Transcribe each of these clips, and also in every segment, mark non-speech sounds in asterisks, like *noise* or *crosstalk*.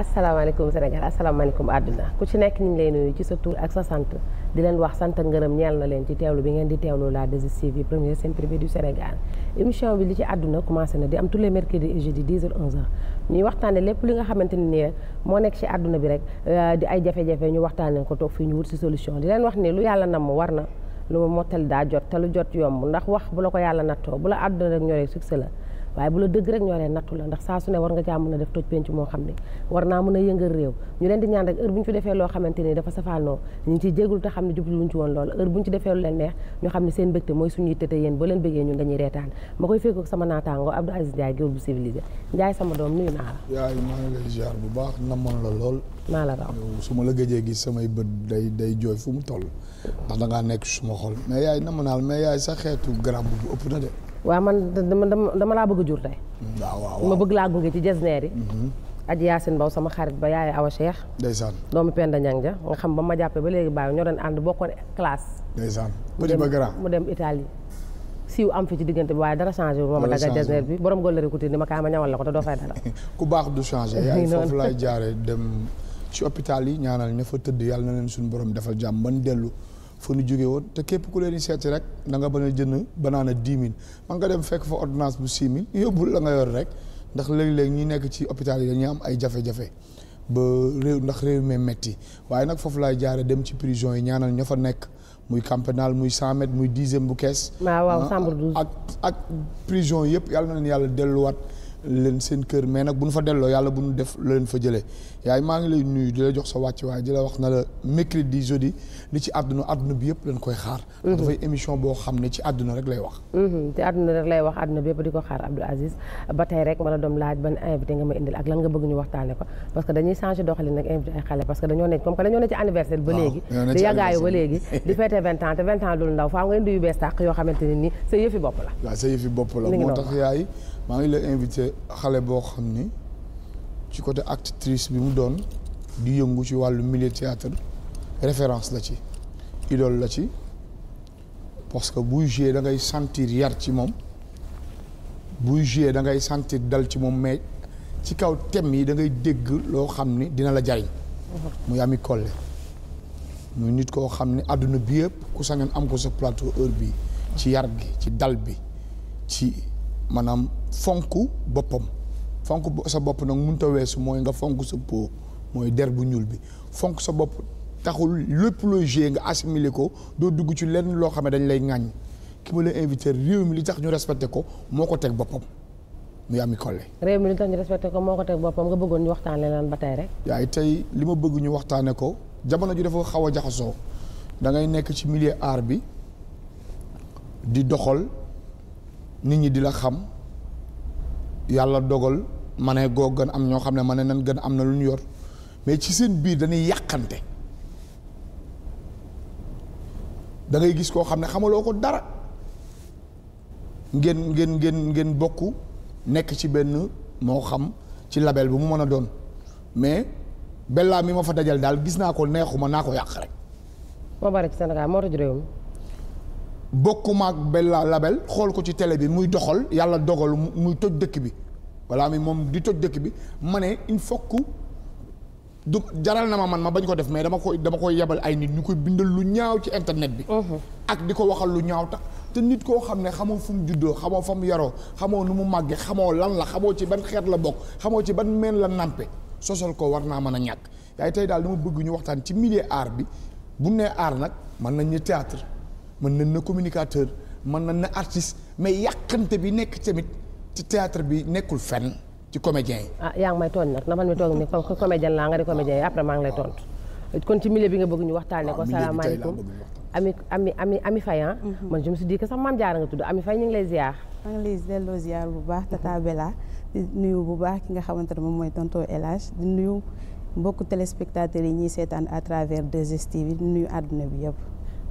asalaamaaleykum Sénégal asalaamaaleykum àdduna ku ci nekk ñu ngi lay nuyu ci sa tur ak sa sant di leen wax sant ak ngërëm ñeel na leen ci teewlu bi ngeen di teewlu a 2STV première chaîne privée du Sénégal émission bi li ci àdduna commencé na di am tous les mercredis et jeudi 10h 11h ñuy lépp li nga xamante ne nii moo nekk ci àdduna bi rek euh, di ay jafe-jafe ñu waxtaanee ko toog fii ñu wut si solution di leen wax ne lu yàlla namm war na lu ma mottal daa jot te lu jot yomb ndax wax bu la ko yàlla nattoo bu la àdduna rek ñoo rek succès la waaye bu la dëgg rek ñoo leen nattu la ndax saa su ne war nga caa a def toj penc moo xam ne naa a yëngal réew ñu leen di ne jubluwuñ ci woon loolu heure bu ñu ci defee lu leen neex ñu xam ne seen mbégte mooy suñuy tëte yéen ba leen bëggee ñun dañuy reetaan ma koy fekk sama la lool maa la ma la gëjee gis samay bët day day jooy fu mu toll ndax dangaa nekk suma xol mais yaay namonaal mais yaay sa xeetu garab bu ëpp na de waaw man dama dama laa bëgg jur tey. waaw ma bëgg laa gunge ci jesneer yi. Mhm. aji Yacine Mbow sama xarit ba yaay Awa Cheikh. ndeysaan doomu Penda Ñang ja nga xam ba ma jàppee ba léegi bàyyi ñoo doon ànd bokkoon classe. ndeysaan petit ba grand mu dem Italie. siiw am fi ci diggante bi waaye dara changé wu ma ma dagga jasneer bi borom góllari kuti ni ma kaay ma ñawal la ko te doo fay dara. *laughs* ku baax du changé. *laughs* yaay foofu laay jaaree dem ci hôpital yi ñaanal ña fa tëdd yàlla na leen suñu borom defal jàmm man dellu. fa nu jóge woon te képp ku leen di seeti rek da nga mën a jënd banaana dix mille man nga dem fekk fa ordonnance bu six mille la nga yor rek ndax léeg-léeg ñi nekk ci hôpital yi dañuy am ay jafe-jafe ba réew ndax réew mi metti waaye nag foofu laay jaare dem ci prison yi ñaanal ñoo fa nekk muy camp pénal muy cent muy dixième bu kees. Ah, waaw waaw ah, chambre ak ak prison yëpp yàlla na leen yàlla delluwaat. leen seen kër mais nag bu nu fa delloo yàlla bu nu def la leen fa jëlee yaay maa ngi lay nuyu di la jox sa wàcc waaye di la wax na la mercredi jeudi li ci àdduna àdduna bi yëpp leen koy xaar mhm. dafay boo xam ne ci àdduna rek lay wax ci mhm. àdduna rek lay wax àdduna bi di ko xaar Abdou Aziz ba tey rek ma la doom laaj ban invité nga ma indil ak lan nga bëgg ñu waxtaane ko parce que dañuy changé doxalin nag invité xale parce que dañoo nekk comme que dañoo nekk ci anniversaire ba léegi di yàggaayu ba léegi di fêté vingt ans te vingt ans xamante ne nii sa yëfi maa ngi la invité xale boo xam ni ci côté actrice bi mu doon di yëngu ci wàllu milieu théâtre référence la ci idole la ci parce que buy jouer da ngay sentir yar ci moom buy jouer dangay ngay sentir dal ci moom mais ci kaw thème yi da ngay dégg loo xam ni dina la jariñ muy Ami Collé muy nit koo xam ni àdduna bi yëpp ku sañoon am ko sa plateau heure bi ci yar gi ci dal bi ci maanaam fonk boppam fonk sa bopp nag mënut a weesu mooy nga fonk sa peau mooy der bu ñuul bi fonk sa bopp taxul lépp looy joué nga assimilé ko doo dugg ci lenn loo xam ne dañ lay ŋàññ ki ma la invité réew mi li tax ñu respecté ko moo ko teg boppam muy Ami Collé. réew mi li tax ñu respecté ko moo ko teg boppam nga bëggoon ñu waxtaanee lan ba tey rek. yaay tey li ma bëgg ñu waxtaanee ko jamono ji dafa xaw a jaxasoo da ngay nekk ci millier art bi di doxal nit ñi di la xam. yàlla dogal ma ne goo gën am ñoo xam ne ma ne nan gën am na lu ñu yor mais ci seen biir dañuy yàqante dangay gis koo xam ne xamaloo ko dara ngeen ngeen ngeen ngeen bokk nekk ci benn moo xam ci label bi mu mën a doon mais bellaa mi ma fa dajal daal gis naa ko neexuma naa ko yàq rek. moo bari ci Sénégal moo tëj réew bokkuma ak Bella Label xool ko ci télé bi muy doxal yàlla dogal muy toj dëkk bi walla mi moom di toj dëkk bi ma ne il faut que du jaral na ma man ma bañ ko def mais dama ko dama koy yebal ay nit ñu koy bindal lu ñaaw ci internet bi. ak di ko waxal lu ñaaw tax te nit koo xam ne xamoo fu mu juddoo xamoo fa mu yaroo xamoo nu mu màggee xamoo lan la xamoo ci ban xeet la bokk xamoo ci ban meen la nàmpe sosal ko war naa mën a ñàkk yaay tey daal ma bëgg ñu waxtaan ci milieu art bi bu nee art nag mën nañ ñu mën nañ na communicateur man nañ na artiste mais yàqante bi nekk tamit ci théâtre bi nekkul fenn ci comédien yi. ah yaa ngi may tooñ nag na man mi toog ni comme comédien laa nga di comédien yi après maa ngi lay tontu kon ci milieu nga bëgg ñu waxtaanee ko. Ah, salaamaaleykum ami ami ami ami Faye ah. mhm. man je me suis dit que sax maam a nga tudd ami fay ñu ngi lay ziar. maa ngi bu baax Tata mhm. Bella di nuyu bu baax ki nga xamante ne moom mooy tonton El di nuyu mbokku téléspectateurs yi ñuy seetaan à travers 2STV di nuyu àdduna bi yëpp.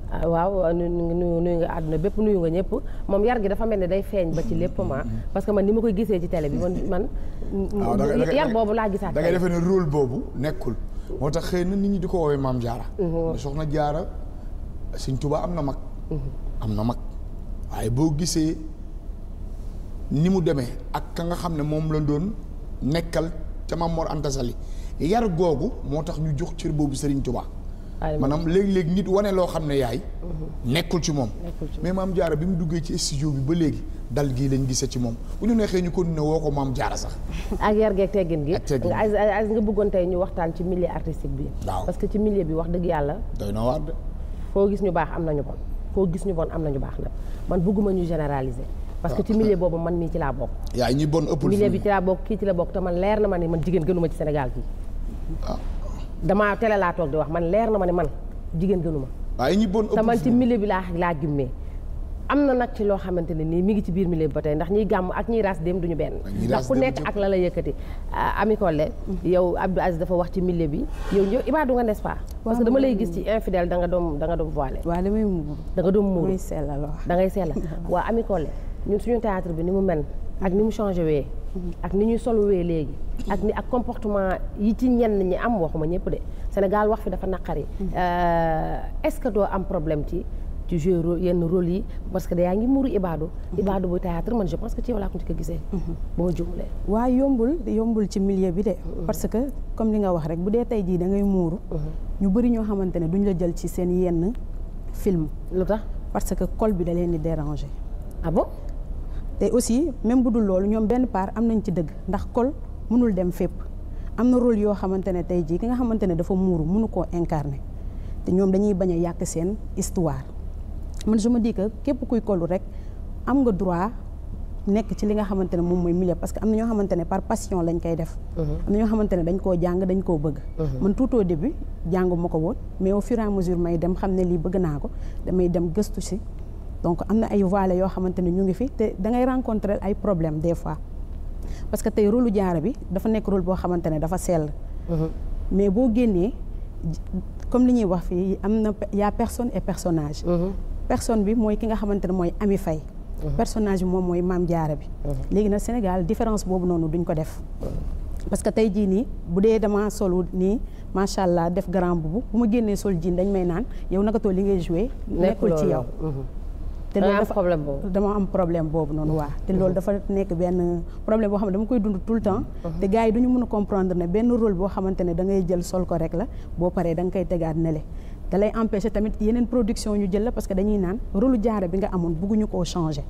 Ah, waaw ah, nuyu nuyu nga àdduna bépp nuyu nga ñëpp moom yar gi dafa mel ne day feeñ ba ci lépp ma mm-hmm. parce que man ni ma koy gisee ci tele bi man man ah, yar boobu laa gisaat da ngay defee ne rôle boobu nekkul moo tax xëy na nit ñi di ko woowee maam jaara mm-hmm. soxna jaara sëñ Tuubaa am na mag mm-hmm. am na mag waaye boo gisee ni mu demee ak ka nga xam ne moom la doon nekkal ca Maam Mor Anta yar googu moo tax ñu jox cër boobu Sëriñ Tuubaa maanaam léeg-léeg nit wane loo xam ne yaay mhm. nekkul ci moom mais maam jaara bi mu duggee ci studio bi ba léegi dal gii lañ gisee ci moom bu ñu neexee ñu continuer woo ko maam jaara sax *laughs* ak yar geeg teggin gi as nga bëggoon tey ñu waxtaan ci milieu artistique bi waaw parce que ci milieu bi wax dëgg yàlla doy na waar foo gis ñu baax am nañu bon foo gis ñu bon am ñu baax nag man bëgguma ñu généraliser parce que ci milieu boobu man mii ci laa bokk yaay ñi bon ëppul milieu bi ci laa bokk kii ci na ma ne man jigéen gënuma ci Sénégal kii damaa télé laa toog di wax man leer na ma ne man jigéen gënu ma. waaye ñi bon ci milieu bi laa laa jummee. am na nag ci loo xamante ne nii mi ngi ci biir milieu bi ba tey ndax ñiy gàmm ak ñiy raas dem duñu benn. ndax ku nekk ak la la yëkkati. Ah, ami Collé mhm. yow Abdou dafa wax ci milieu bi yow ñëw ibaadu nga n'est-ce parce que dama lay gis ci infidèle da nga doon da nga doon voilé. waaw damay muuru da nga doon muuru. muy sellal da ngay ñun suñu théâtre bi ni mu mel. ak ni mu changé ak ni ñuy soluwee léegi ak ni ak comportement yi ci ñenn ñi am waxuma ñëpp de Sénégal wax fi dafa naqari euh, est-ce que doo am problème ci ci jouer yenn rôle yi parce que da yaa ngi muuru ibaadu mm-hmm. ibaadu bu théâtre man je pense que ci yow laa ko njëkk a gisee mm-hmm. ba ma juumlee waaw yombul yombul ci milieu bi de mm-hmm. parce que comme li nga wax rek bu dee tey jii dangay ngay muuru ñu bëri ñoo xamante ne duñ la jël ci seen yenn film lu tax parce que col bi da leen di déranger ah te aussi même bu loolu ñoom benn paar am nañ ci dëgg ndax kol mënul dem fépp am na rôle yoo xamante ne tey jii ki nga xamante ne dafa muuru mënu koo incarner te ñoom dañuy bañ a yàq seen histoire man je ma dis que képp kuy kolu rek am nga droit nekk ci li nga xamante ne moom mooy milieu parce que am na ñoo xamante ne par passion lañ koy def. Mhm. am na ñoo xamante ne dañ koo jàng dañ koo bëgg. Mhm. man tout au début jàngu ma ko woon mais au fur et à mesure may dem xam ne lii bëgg naa ko damay dem gëstu si. donc am na ay voiles yoo xamante ne ñu ngi fi te dangay ngay ay problème des fois parce que tey rôle jaara bi dafa nekk rôle boo xamante ne dafa sell. Mhm. mais boo génnee comme li ñuy wax fii am na yaa a personne et personnage. Mhm. personne bi mooy ki nga xamante ne mooy Ami fay mhm. personnage bi moom mooy maam jaara bi. léegi nag Sénégal différence boobu noonu duñ ko def. parce que tey jii nii bu dee dama solu nii macha allah def grand bu bu ma génnee sol jii dañ may naan yow naka too li ngay joué. nekkul ci yow. te loolu ah, dafa problème boobu dama am problème boobu noonu waa te lool dafa nekk benn problème boo xam ne dama koy dund tout le temps mhm. te gars yi duñu mën a comprendre ne benn rôle boo xamante ne dangay ngay jël sol ko rek la boo paree da nga koy tegaat nele da lay empêcher tamit yeneen production ñu jël la parce que dañuy naan rôle jaare bi nga amoon bugguñu koo changer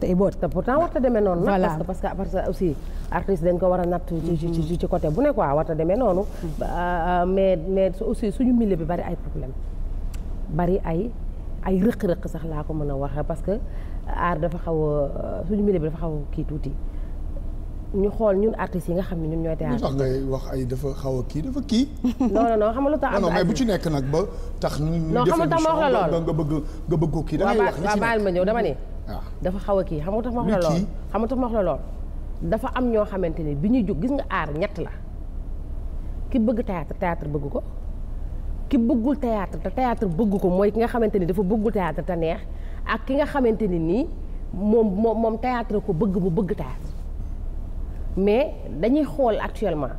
te boo te pourtant warta demee noonu nag parce que parce que aussi artiste dañ ko war a natt ci ci mhm. côté bu ne quoi warta demee noonu mhm. euh, mais mais aussi suñu milieu bi bari ay problème bari ay ay rëq-rëq sax laa ko mën a waxee parce que aar dafa xaw a suñu milieu bi dafa xaw kii tuuti ñu xool ñun artistes yi nga xam ne ñun ñooy. théâtre tax ngay wax ay dafa xaw a kii dafa kii. *laughs* non xam nga lu tax am bu ci nekk nag ba tax. non nga ma wax la lool bëgg nga bëgg kii. da ma ñëw dama ne. Ah. dafa xaw a kii xam nga tax ma wax la lool. la lool. dafa am ñoo xamante ne bi ñuy jóg gis nga aar ñett la ki bëgg théâtre théâtre bëgg ko ki bëggul théâtre te théâtre bëgg ko mooy ki nga xamante ni dafa bëggul théâtre te neex ak ki nga xamante ni nii moom moom moom théâtre ko bëgg bu bëgg théâtre mais dañuy xool actuellement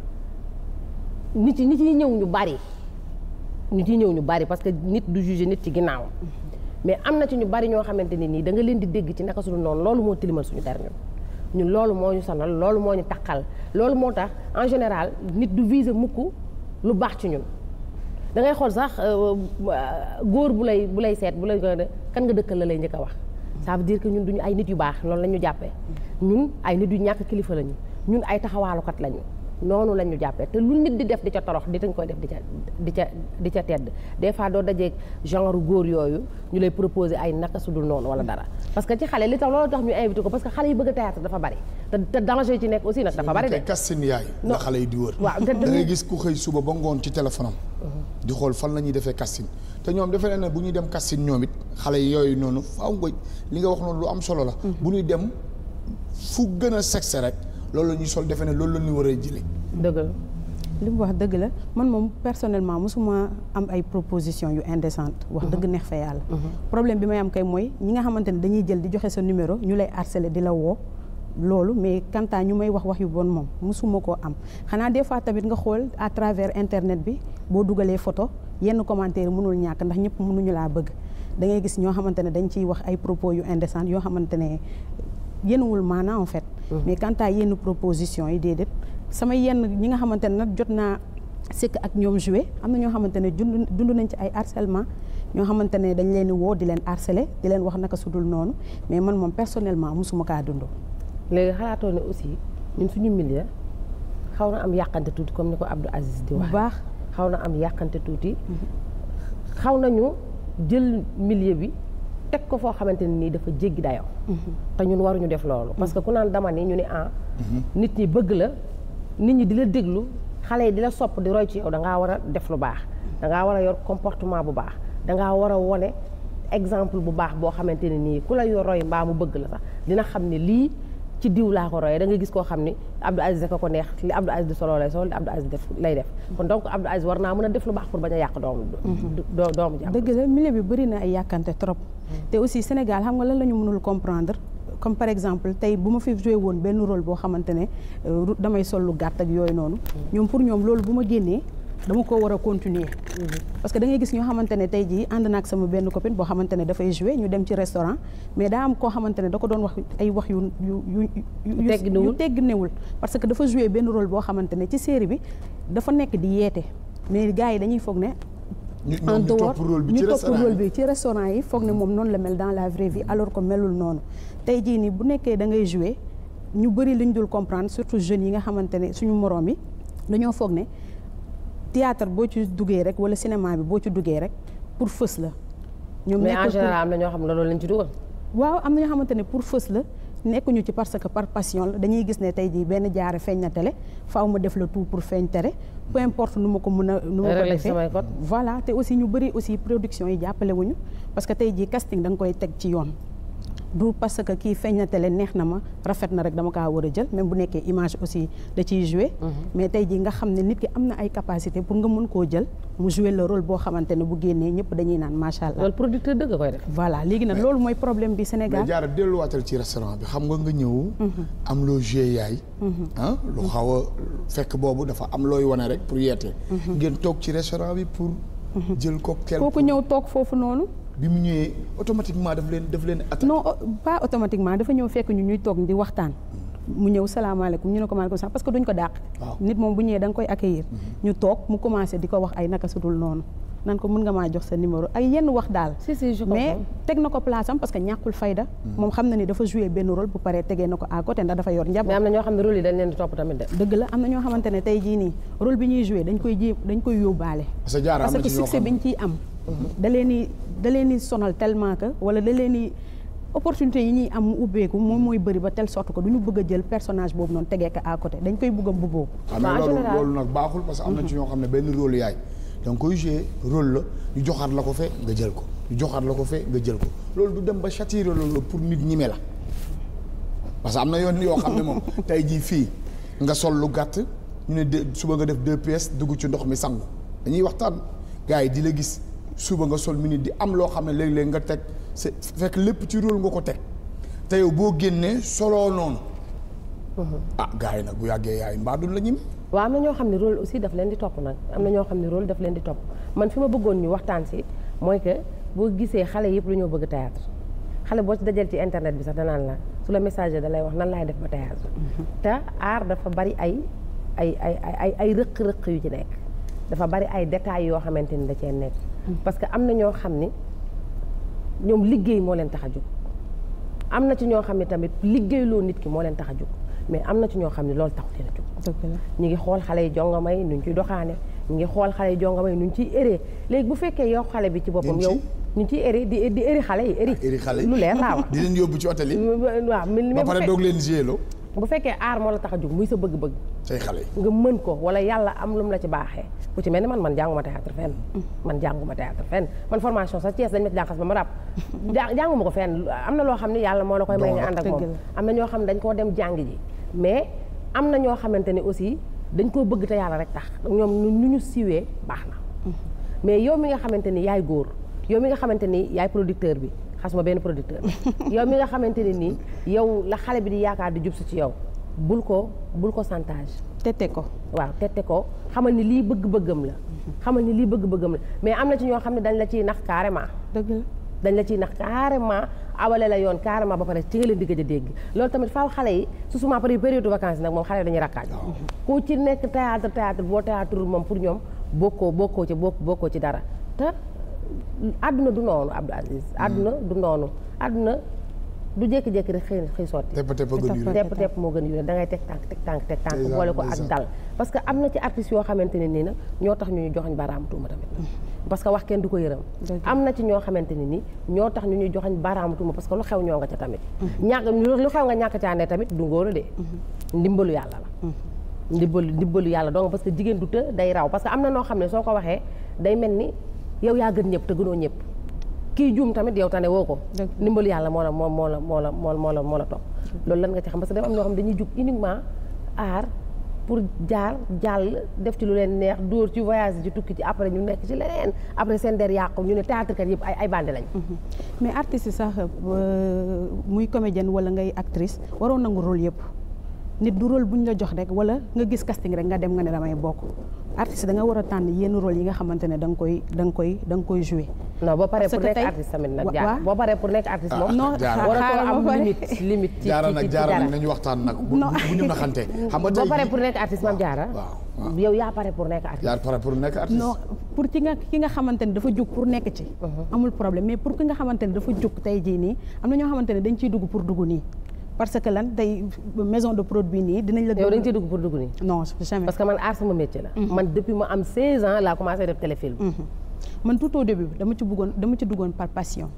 nit yi nit yi ñëw ñu bari nit yi ñëw ñu bari parce que nit du juger nit ci ginnaaw mais am na ci ñu bari ñoo xamante ni nii da nga leen di dégg ci naka suñu noonu loolu moo tilimal suñu der ñun ñun loolu moo ñu sonal loolu moo ñu taqal loolu moo tax en général nit du viser mukk lu baax ci ñun da ngay xool sax euh, góor bu lay bu lay seet bu lay kan nga dëkkal la lay njëkk a wax saa veut dire que ñun ñu ay nit yu baax loolu la ñu jàppee ñun ay nit yu ñàkk kilifa lañu ñun ay taxawaalukat lañu noonu la ñu jàppee te lu nit di def di ca torox di tañ koy def di ca di ca ca tedd des fois doo dajeeg genre góor yooyu ñu lay proposer ay naka su dul noonu wala dara parce que ci xale li tax loolu tax ñu invité ko parce xale yi bëgg a théâtre dafa bari te te danger ci gis ku xëy suba ba ngoon ci di xool fan la ñuy defee casting te ñoom defe naa na bu ñuy dem kastin ñoom it xale yooyu noonu faaw nga li nga wax noonu lu am solo la. Mhm. bu ñuy dem fu gën a sexe rek loolu la ñuy sol defe ne loolu la ñuy war a jëlee. dëgg la li mu wax dëgg la man moom personnellement mosuma am ay proposition yu indécente wax mhm. dëgg neex fa yàlla. Mhm. problème bi may am kay mooy ñi nga xamante ne dañuy jël di joxe sa numéro ñu lay harceler di la woo. loolu mais quant ñu may wax wax yu bon moom mosuma koo am xanaa des fois tamit nga xool à travers internet bi boo dugalee photo yenn commentaire mënul ñàkk ndax ñëpp mënuñu laa bëgg da ngay gis ñoo xamante ne dañ ciy wax ay propos yu indécent yoo xamante ne yéenuwul maanaa en fait. Mm-hmm. mais quant à yenn proposition yi déedéet sama yenn ñi nga xamante ne nag jot naa sëkk ak ñoom joué am na ñoo xamante ne dund dund nañ ci ay harcèlement ñoo xamante ne dañ leen di woo di leen harcelé di leen wax naka su dul noonu mais man moom personnellement mosuma kaa dund. léegi xalaatoo ne aussi ñun suñu milieu xaw na am yàqante tuuti comme ni ko Abdou Aziz di wax bu baax xaw na am yàqante tuuti mm-hmm. xaw nañu jël millier bi teg ko foo xamante ne nii dafa jéggi dayoo mm-hmm. te ñun waruñu def loolu parce que ku naan dama ni ñu ni ah mm-hmm. nit ñi bëgg la nit ñi di la déglu xale yi di la sopp di roy ci yow da ngaa war a def lu baax da ngaa war a yor comportement bu baax da ngaa war a wone exemple bu baax boo xamante ne nii ku la yor roy mbaa mu bëgg la sax dina xam ne lii ci diw laa ko royee da ngay gis koo xam ni Abdou Aziz di solo lay sol li Abdou Aziz def lay def kon donc Abdou Aziz war naa mën a def lu baax pour bañ a yàq doomu doomu jàmm dëgg la milieu bi bëri ay yàkkante trop te aussi Sénégal xam nga la ñu mënul comprendre comme par exemple tey bu ma fi joué woon benn rôle boo xamante ne euh, damay sol lu gàtt ak yooyu noonu ñoom pour ñoom loolu bu ma génnee dama ko war a continuer. parce que da gis ñoo xamante ne tey jii ànd naag sama benn copine boo xamante ne dafay jouer ñu dem ci restaurant mais daa am ko xamante ne da ko doon wax ay wax yu yu yu yu tegginewul parce que dafa jouer benn rôle boo xamante ne ci série bi dafa nekk di yeete mais gars yi dañuy foog ne en dehors ñu topp rôle bi ci restaurant yi foog ne moom noonu la mel dans la vraie vie alors que melul noonu tey jii nii bu nekkee da ngay jouer ñu bëri li ñu dul surtout jeunes yi nga xamante ne suñu moroom yi dañoo foog ne théâtre boo ci duggee rek wala cinéma bi boo ci duggee rek pour fës la. ñoom mais en général am na ñoo xam ne loolu lañ ci dugal. waaw am na ñoo xamante ne pour fës la nekkuñu ci parce que par passion dañuy gis ne tey jii benn jaare feeñ na tele faaw ma def la tout pour feeñ tere peu importe nu ma ko mun a. nu ma ko defee voilà te aussi ñu bëri aussi production yi jàppalewuñu parce que tey jii casting da koy teg ci yoon. du parce que kii feeñ na télé neex na ma rafet na rek dama kaa war a jël même bu nekkee image aussi da ciy jouer mhm. mais tey jii nga xam ne nit ki am na ay capacité pour nga mën koo jël mu jouer le rôle boo xamante ne bu génnee ñëpp dañuy naan macha allah. loolu mooy problème bi Sénégal. mais jaara delluwaatal ci restaurant bi xam nga nga ñëw. Mhm. am loo jouer yaay. Mhm. Ah, lu xaw a fekk boobu dafa am looy wane rek pour yeete. ngeen toog ci restaurant bi pour. jël cocktail kooku ñëw bi mu ñëwee automatiquement daf leen daf leen attaqué. non euh, dafa ñëw fekk ñu ñuy toog di waxtaan. mu ñëw salaamaaleykum ñu ne ko maaleykum salaam parce que duñ ko dàq. nit moom bu ñëwee mhm. toog mu commencé di ko wax ay naka sudul noonu. ko mën nga maa jox sa numéro ay yenn wax daal. si si mais teg na ko place am parce que ñàkkul fayda. Mhm. moom xam na ni dafa joué benn rôle bu paree tegee na ko à côté ndax dafa yor njaboot. mais am na ñoo xam ne rôle yi dañ leen di topp tamit de. dëgg la am na ñoo xamante ne tey jii koy ji dañ koy yóbbaale. parce que succès bi ñu ciy am da leen di da leen di sonal tellement que wala da leen di opportunité yi ñuy am mu ubbeeku moom mooy bari ba tel sorte que du ñu bëgg a jël personnage boobu noonu tegee ko à côté dañ koy bëgg a mbubboo. Ah, en général loolu nag baaxul parce que am na ci ñoo xam ne benn rôle yaay. da nga koy joué rôle la ñu joxaat la ko fe nga jël ko joxaat la ko fe nga jël ko loolu du dem ba châtier loolu pour nit ñime la parce que am na yoon yoo xam ne moom *laughs* tey jii fii nga sol lu gàtt ñu ne de suba nga def deux pièces dugg ci ndox mi sangu dañuy waxtaan gars yi di la gis. suba nga sol minute di am loo xam ne léeg-léeg nga teg c'est fekk lépp ci rôle nga ko teg te yow boo génnee soloo noonu. Mhm. ah gars yi nag bu yàggee yaay mbaadul la ñim waaw am na ñoo xam ne rôle aussi daf leen di topp nag am na ñoo xam ne rôle daf leen di topp man fi ma bëggoon ñu waxtaan si mooy que boo gisee xale yëpp ñoo bëgg théâtre xale boo ci dajal ci internet bi sax danaan la su la message da lay wax nan laay def ba théâtre mhm. te aar dafa bari ay ay ay ay ay rëq-rëq yu ci nekk dafa bari ay détails yoo xamante ni da cee nekk parce que am na ñoo xam ni ñoom liggéey moo leen tax a jóg. am na ci ñoo xam ne tamit liggéey liggéeyloo nit ki moo leen tax a jóg mais am na ci ñoo xam ne loolu tax leen a jóg. ñu ngi xool xale yi jongama yi nuñ ciy doxaane ñu ngi xool xale yi jongama yi nuñ ciy éree léegi bu fekkee yow xale bi ci boppam yow. ñu ci éri di di éri xale yi éri. xale yi lu leer laa wax. *laughs* di leen yóbbu ci hôtel yi. *laughs* waaw ba pare doog leen géeloo bu fekkee aar moo la tax a jóg muy sa bëgg-bëgg. say xale nga mën ko wala yàlla am lu mu la ci baaxee. ku ci mel ni man man jànguma théâtre fenn. Mm-hmm. man jànguma théâtre fenn man formation sax Thiès dañ ma ci jànqas ba ma ràpp. jànguma ko fenn am na loo xam ne yàlla moo la koy may nga ànd ak moom am na ñoo xam ne dañ koo dem jàng ji. mais am na ñoo xamante ne aussi dañ koo bëgg te yàlla rek tax ñoom nu ñu siwee baax na. Mm-hmm. mais yow mi nga xamante ni yaay góor yow mi nga xamante ni yaay producteur bi. xas ma benn producteur *laughs* yow mi nga xamante ne nii yow la xale bi di yaakaar di jub si ci yow bul ko bul ko chantage tete ko waaw tette ko xamal ni lii bëgg-bëggam la xamal ni lii bëgg-bëggam la mais am na ci ñoo xam ne dañ la ciy nax carrément dëgg la dañ la ciy nax carrément awale la yoon carrément ba pare ci nga leen di gëj dégg loolu tamit faaw xale yi su suma pare période vacances nag moom xale yi dañuy rakkaaj ku ci nekk théâtre théâtre boo théâtre moom pour ñoom bokkoo bokkoo ci bokk bokkoo ci dara àdduna du noonu Abdou Aziz. Hmm. àdduna du noonu àdduna du jékki-jékki rek xëy na xëy sotti. tepp tepp moo gën a yore da ngay teg tànk teg tànk teg tànk. boole ko ak dal parce que am na ci artistes yoo xamante ne nii nag ñoo tax ñu ñu joxoñ baaraam tuuma tamit. Hmm. parce que wax kenn du ko yërëm. am na ci ñoo xamante ne nii ñoo tax ñu ñu joxoñ baaraam tuuma parce que lu xew ñoo nga ca tamit. Hmm. ñàkk lu xew nga ñàkk caa ne tamit du ngóor de. ndimbalu yàlla la. ndimbalu ndimbalu yàlla donc parce que jigéen du të day raw parce que am na noo xam ne soo ko waxee day mel ni yow yaa gën ñëpp te gënoo ñëpp kii juum tamit yow tane woo ko ndimbalu yàlla moo la moo moo la moo la moo moo la moo la topp loolu lan nga ci xam parce que dafa am ñoo xam dañuy jug uniquement aar pour jaar jàll def ci lu leen neex dóor ci voyage ci tukki ci après ñu nekk ci leneen après seen der yàqu ñu ne théâtre kat yëpp ay ay bande lañ mhm. mais artiste yi sax euh, muy comédienne wala ngay actrice waroon nangu rôle yëpp nit du rôle bu ñu la jox rek wala nga gis casting rek nga dem nga ne damay bokk artiste da nga war a tànn yenn rôle yi nga xamante ne da nga koy da nga koy koy joué. non boo paree pour boo paree pour nekk artiste moom. Ah, non waratoo am limite limite. ci bu ñu naxante. xam nga tey boo paree pour nekk artiste maam jaara. pour nekk artiste. yaa ki nga ki nga dafa jóg pour nekk ci. Mhm. amul problème mais pour ki nga xamante ne dafa jóg tey jii nii am na ñoo xamante ne dañ ciy dugg pour dugg nii parce que lan tey maison de produit nii dinañ la. yow dañ ciy dugg pour dugg nii. non jamais parce que man aar sama métier la. Mm-hmm. man ma am 16 ans laa commencé def téléfilm. Mm-hmm. man tout au dama ci duggoon par passion.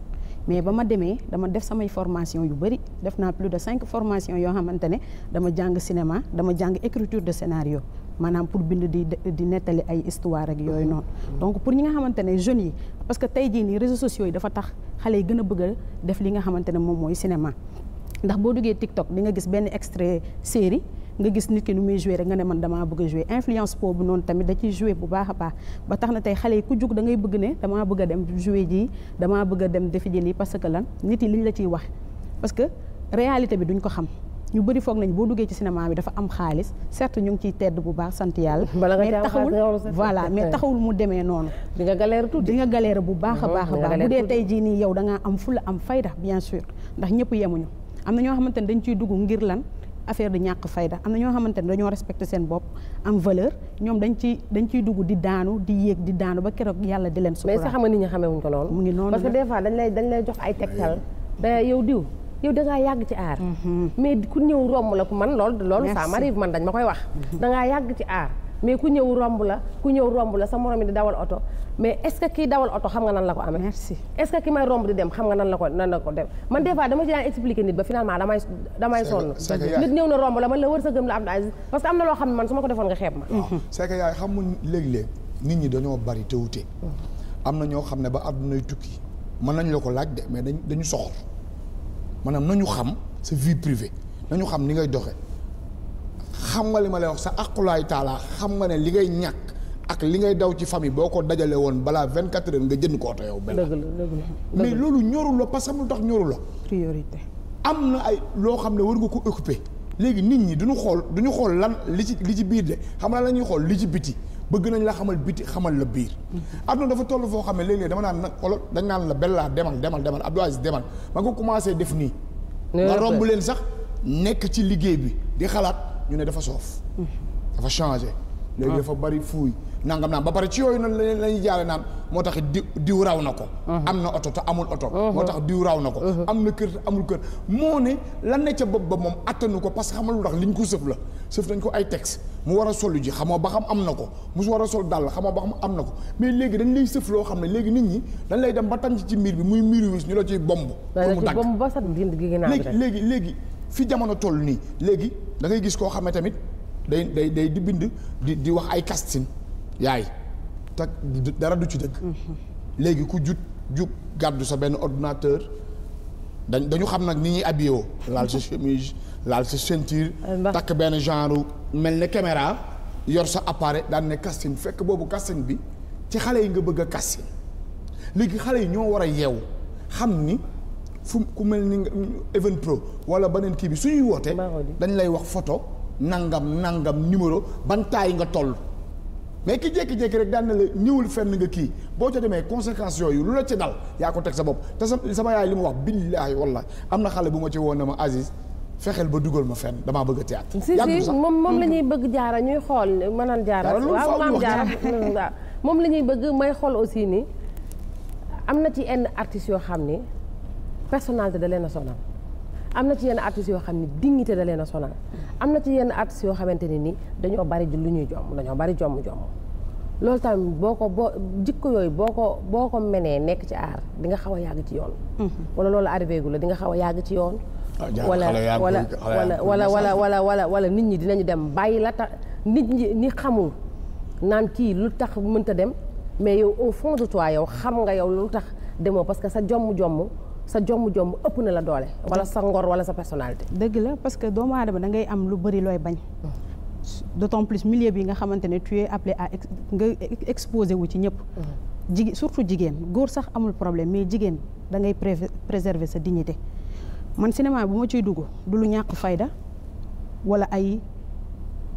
mais ba ma demee dama def samay formation yu bëri def naa plus de cinq formation yoo xamante ne dama jàng cinéma dama jàng écriture de scénario maanaam pour bind di di nettali ay histoire ak yooyu mm-hmm. noonu. donc pour ñi nga xamante ne jeunes yi parce que tey jii nii réseaux sociaux yi dafa tax xale yi gën a bëgg def li nga xamante ne moom mooy cinéma. ndax boo duggee TikTok di nga gis benn extrait série nga gis nit ki nu muy joué rek nga ne man damaa bëgg a joué influence boobu noonu tamit da ciy joué bu baax a baax ba tax na tey xale ku jug da ngay bëgg ne damaa bëgg dem joué ji damaa bëgg dem defi ji lii parce que lan nit yi liñ la ciy wax parce que réalité bi duñ ko xam ñu bëri foog nañ boo duggee ci cinéma bi dafa am xaalis certes ñu ngi ciy tedd bu baax sant yàlla mais taxawul voilà mais taxawul mu demee noonu di nga galère di nga galère bu baax a baax a baax bu dee tey jii nii yow da ngaa am fulla am fayda bien sûr ndax ñëpp yemuñu am na ñoo xamante ne dañ ciy dugg ngir lan affaire de ñàkk fayda am na ñoo xamante ne dañoo respecté seen bopp am valeur ñoom dañ ciy dañ ciy dugg di daanu di yéeg di daanu ba keroog yàlla di leen suturaal mais sax xam nga nit ñi xamee ko loolu mu ni noonu parce que des fois dañ lay dañ lay jox ay tegtal da yow diw yow da ngaa yàgg ci aar mhm. mais ku ñëw romb la ku man lool loolu loolu ma m'arrive man dañ ma koy wax mhm. da yàgg ci aar mais ku ñëw romb la ku ñëw romb la sa morom yi di dawal oto mais est-ce dawal oto xam nga nan la ko amee. merci est-ce que ki may romb di dem xam nga nan la ko nan la ko man des fois dama ci daan expliquer nit ba finalement damay damay sonn. nit ñëw na romb la man la wër sa gëm la Abdou Aziz parce que am na loo xam ne man ko léeg-léeg nit ñi dañoo bari te wute. am na ñoo xam ne ba àddunay tukki mën nañ la ko laaj de mais dañu dañu soxor maanaam ñu xam sa vie privée ñu xam ni ngay doxee xam nga li ma lay wax sa aqulaay taalaa xam nga ne li ngay ñàkk ak li ngay daw ci famille boo ko dajalee woon balaa vingt quatre heures nga jënd ko oto yow benn mais loolu ñorul la parce que mu tax ñorul la priorité am na ay loo xam ne war nga ko occuper léegi nit ñi duñu xool duñu xool lan li ci li ci biir de xamal naa ñuy xool li ci biti bëgg nañ la xamal biti xamal la biir mm-hmm. adduna dafa toll foo xam ne léeg-léeg dama naan nag xolo dañ naan la bellaa demal demal demal Abdou Aziz demal ma nga commencé def nii nga romb leen sax nekk ci liggéey bi di xalaat ñu ne dafa soof. Mm-hmm. dafa changé. léegi ah. dafa bari fuuy nangam naan ba pare ci yooyu noonu la ñuy jaare naan moo tax di diw raw na ko. Mm-hmm. am na oto te amul oto. Mm-hmm. moo tax diw raw na ko. am na kër te amul kër moo ne lan ne ca bopp ba moom attanu ko parce que xamal lu tax liñ ko sëf la sëf nañ ko ay texte mu war a solu ji xamoo ba xam am na ko mu war a sol dàll xamoo ba xam am na ko mais léegi dañ lay sëf loo xam ne léegi nit ñi dañ lay dem ba tànc ci miir bi muy miir wis ñu la ciy bomb. pour mu dagg léegi léegi léegi. fi jamono toll nii léegi dangay gis koo xam ne tamit day day day di bind di di wax ay casting yaay te dara du ci dëgg. Mm-hmm. léegi ku jut jub gàddu sa benn ordinateur dañ dañu xam nag ni ñuy habillé woo laal sa chemise laal sa ceinture. takk benn genre mel ni caméra yor sa appareil daan ne casting fekk boobu casting bi ci xale yi nga bëgg a casting léegi xale yi ñoo war a yeew xam ni. fu ku mel ni Even Pro wala beneen kii bi suñuy wootee dañ lay wax foto nangam nangam numéro ban taay nga toll mais ki jékki-jékki rek daan na la ñëwul fenn nga kii boo ca demee conséquences yooyu lu la ci dal yaa ko teg sa bopp te sama yaay li mu wax billaahi wallahi am na xale bu ma ci woon na ma Aziz fexeel ba dugal ma fenn damaa bëgg a théâtre. yàggu sax moom moom la mm-hmm. ñuy bëgg jaara ñuy xool ma naan jaara. waaw maam jaara *laughs* moom la ñuy bëgg may xool aussi nii am na ci yenn artistes yoo xam ni personnalité da leen a sonal am na ci yenn artistes yoo xam ne te da leen a sonal am na ci yenn artistes yoo xamante ne nii dañoo bari lu ñuy jomm dañoo bari jomm jomm loolu tamit boo ko boo jikko yooyu boo ko boo ko melee nekk ci aar di nga xaw a yàgg ci yoon mm-hmm. wala loolu arrivé gu la di nga xaw a yàgg ci yoon ah, wala wala wala wala wala wala wala nit ñi dinañu dem bàyyi la tax nit ñi ni xamul naan kii lu tax mënta dem mais yow au fond de yow xam nga yow lu tax demoo parce que sa jomm jomm sa jomm jomm ëpp na la doole. wala sa ngor wala sa personnalité. dëgg la parce que doomu aadama da ngay am lu bëri looy bañ. d'autant plus milieu bi nga xamante ne tu es appelé nga exposé wu ci ñëpp. jigéen surtout jigéen góor sax amul problème mais jigéen da ngay préserver sa dignité. man cinéma bu ma ciy dugg du lu ñàkk fayda wala ay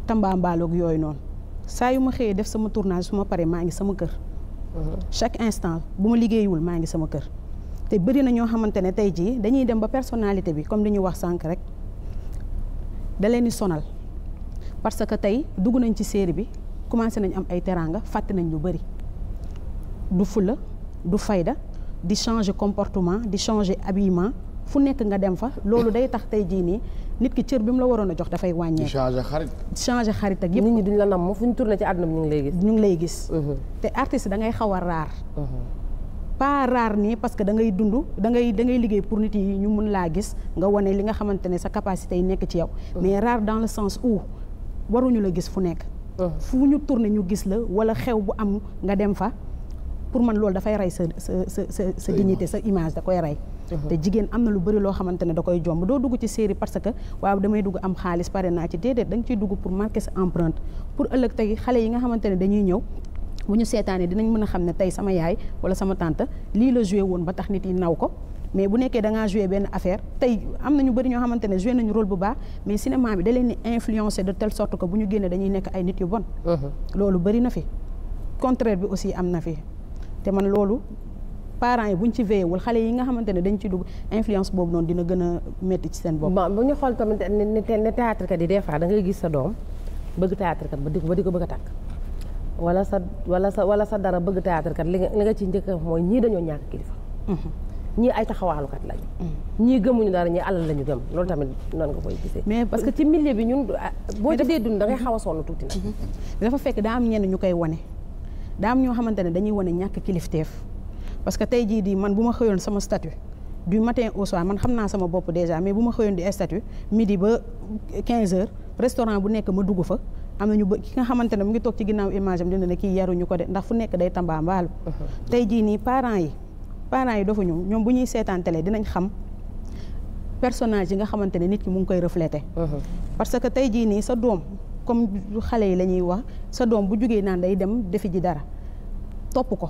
tambaambaaloog yooyu noonu saa yu ma xëyee def sama tournage su ma paree maa ngi sama kër. Mhm. chaque instant bu ma liggéeyul maa ngi sama kër. te bëri na ñoo xamante ne tey jii dañuy dem ba personnalité bi comme li ñu wax sànq rek da leen di sonal parce que tey dugg nañ ci série bi commencé nañu am ay teraanga fàtte nañ lu bëri du fula du fayda di changer comportement di changer habillement fu nekk nga dem fa loolu day tax tey jii nii nit ki cër bi mu la waroon a jox dafay wàññeeku. di changer xarit. changer xarit ak yëpp nit ñi duñ la nam fu ñu tourné ci àdduna ñu ngi lay ñu ngi lay gis. Mhm. te artiste da ngay xaw a raar. Mhm. paa rare nii parce que da ngay dund dangay ngay ngay liggéey pour nit yi ñu mun laa gis nga wane li nga xamante ne sa capacité yi nekk ci yow. Mm-hmm. mais raar dans le sens où waruñu la gis fu nekk. Mm-hmm. fu ñu tourné ñu gis la wala xew bu am nga dem fa pour man loolu dafay rey sa sa sa sa sa dignité sa image da koy rey. Mm-hmm. te jigéen am na lu bari loo xamante ne da koy jomb doo dugg ci série parce que waaw damay dugg am xaalis pare naa ci déedéet da nga ciy dugg pour marquer sa empreinte pour ëllëg tey xale yi nga xamante ne dañuy ñëw. bu ñu seetaanee dinañ mën a xam ne tey sama yaay wala sama tante lii la joué woon ba tax nit yi naw ko mais bu nekkee da ngaa joué benn affaire tey am na ñu bëri ñoo xamante ne joué nañu role bu baax mais cinéma bi da leen di influencé de telle sorte que bu ñu génnee dañuy nekk ay nit yu bon. Uh-huh. loolu bëri na fi contraire bi aussi am na fi te man loolu. parents yi bu ñu ci veillé wul xale yi nga xamante ne dañ ci dugg influence boobu noonu dina gën a métti ci seen bopp. bon xool tamit ne ne théâtre kat yi des da ngay gis sa doom bëgg ko ba di wala sa wala sa wala sa dara bëgg théâtre kat li nga ci njëkk mooy ñii dañoo ñàkk kilifa mm-hmm. ñii ay taxawaalukat lañu mm-hmm. ñii gëmuñu dara ñii alal lañu gëm loolu tamit noonu nga koy gisee mais parce que ci milieu bi ñun ah, boo ci dee dund da ngay xaw a sonn tuuti nag mm-hmm. dafa fekk daa am ñenn ñu koy wane daa am ñoo xamante ne dañuy wane ñàkk kilifteef parce que tey jii di man bu ma xëyoon sama statut du matin au soir man xam naa sama bopp déjà mais bu ma xëyoon di statut midi ba 15 heures restaurant bu nekk ma dugg fa am na ñu ba ki nga xamante ne mu ngi toog ci ginnaaw image am dina ne kii yaruñu ko de ndax fu nekk day tambaambaalu uh-huh. tey jii nii parents yi parent yi dafa ñu ñoom bu ñuy seetaan télé dinañ xam personnage yi nga xamante ne nit ki mu ngi koy reflété uh-huh. parce que tey jii nii sa doom comme xale yi la ñuy wax sa doom bu jugee naan day dem defi ji dara topp ko